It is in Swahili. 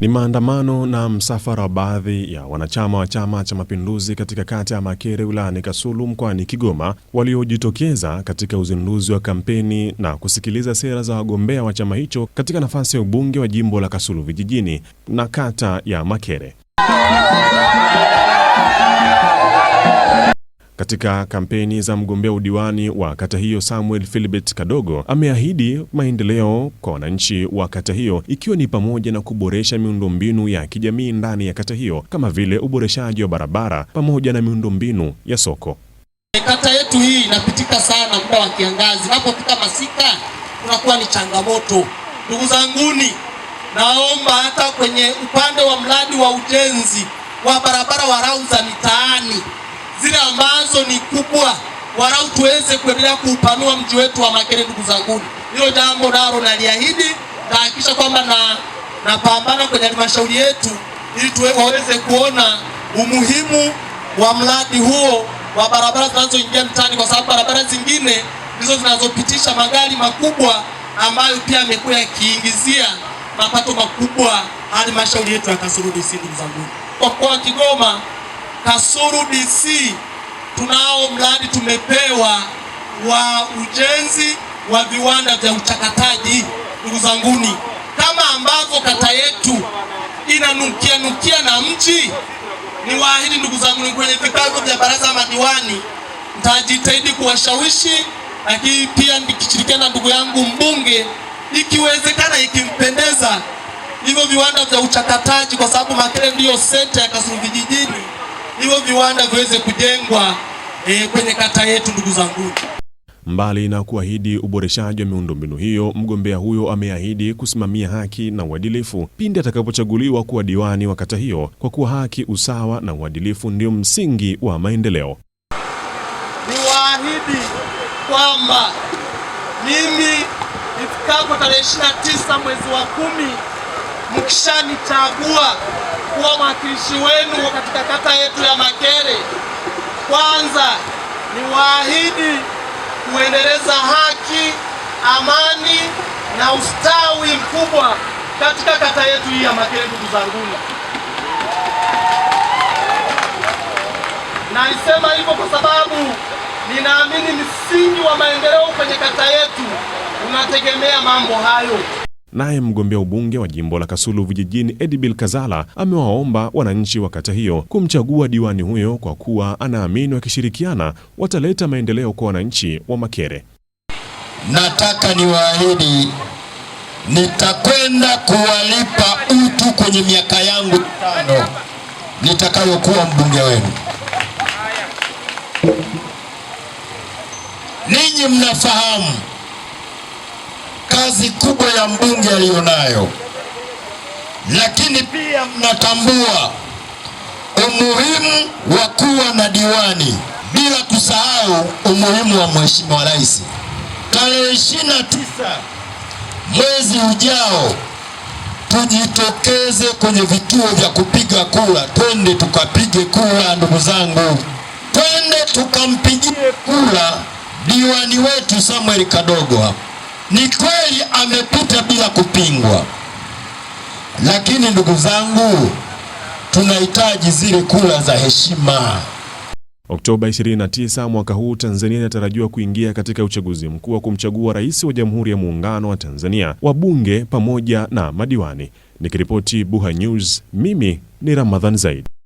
Ni maandamano na msafara wa baadhi ya wanachama wa Chama cha Mapinduzi katika kata ya Makere wilayani Kasulu mkoani Kigoma waliojitokeza katika uzinduzi wa kampeni na kusikiliza sera za wagombea wa chama hicho katika nafasi ya ubunge wa jimbo la Kasulu vijijini na kata ya Makere. Katika kampeni za mgombea udiwani wa kata hiyo Samuel Philbert Kadogo ameahidi maendeleo kwa wananchi wa kata hiyo ikiwa ni pamoja na kuboresha miundombinu ya kijamii ndani ya kata hiyo kama vile uboreshaji wa barabara pamoja na miundombinu ya soko. Kata yetu hii inapitika sana muda wa kiangazi, unapofika masika kunakuwa ni changamoto. Ndugu zanguni, naomba hata kwenye upande wa mradi wa ujenzi wa barabara wa rauza za mitaani zile ambazo ni kubwa, walau tuweze kuendelea kuupanua mji wetu wa makere Ndugu zangu, hilo jambo nalo naliahidi, nahakikisha kwamba na napambana kwenye halmashauri yetu ili waweze kuona umuhimu wa mradi huo wa barabara zinazoingia mtaani, kwa sababu barabara zingine ndizo zinazopitisha magari makubwa ambayo pia yamekuwa yakiingizia mapato makubwa halmashauri yetu ya Kasulu DC. Ndugu zangu, kwa mkoa wa Kigoma Kasulu DC tunao mradi tumepewa wa ujenzi wa viwanda vya uchakataji. Ndugu zanguni, kama ambavyo kata yetu inanukia nukia na mji, ni waahidi ndugu zangu, kwenye vikao vya baraza la madiwani nitajitahidi kuwashawishi, lakini pia nikishirikiana na ndugu yangu mbunge, ikiwezekana, ikimpendeza, hivyo viwanda vya uchakataji, kwa sababu Makere ndiyo senta ya Kasulu vijijini hivyo viwanda viweze kujengwa e, kwenye kata yetu ndugu zangu. Mbali na kuahidi uboreshaji wa miundombinu hiyo, mgombea huyo ameahidi kusimamia haki na uadilifu pindi atakapochaguliwa kuwa diwani wa kata hiyo, kwa kuwa haki, usawa na uadilifu ndio msingi wa maendeleo. Niwaahidi kwamba mimi ifikapo tarehe 29 mwezi wa kumi mkishanichagua kuwa mwakilishi wenu katika kata yetu ya Makere. Kwanza ni waahidi kuendeleza haki, amani na ustawi mkubwa katika kata yetu hii ya Makere. Ndugu zangu, naisema hivyo kwa sababu ninaamini msingi wa maendeleo kwenye kata yetu unategemea mambo hayo. Naye mgombea ubunge wa jimbo la Kasulu Vijijini, Edbil Kazala, amewaomba wananchi wa kata hiyo kumchagua diwani huyo kwa kuwa anaamini wakishirikiana wataleta maendeleo kwa wananchi wa Makere. Nataka niwaahidi nitakwenda kuwalipa utu kwenye miaka yangu tano nitakayokuwa mbunge wenu. Ninyi mnafahamu kazi kubwa ya mbunge aliyonayo, lakini pia mnatambua umuhimu wa kuwa na diwani, bila kusahau umuhimu wa mheshimiwa rais. Tarehe 29 mwezi ujao tujitokeze kwenye vituo vya kupiga kura, twende tukapige kura. Ndugu zangu, twende tukampigie kura diwani wetu Samuel Kadogo hapa. Ni kweli amepita bila kupingwa, lakini ndugu zangu, tunahitaji zile kura za heshima. Oktoba 29 mwaka huu Tanzania inatarajiwa kuingia katika uchaguzi mkuu wa kumchagua rais wa Jamhuri ya Muungano wa Tanzania, wabunge pamoja na madiwani. Nikiripoti Buha News, mimi ni Ramadhan Zaidi.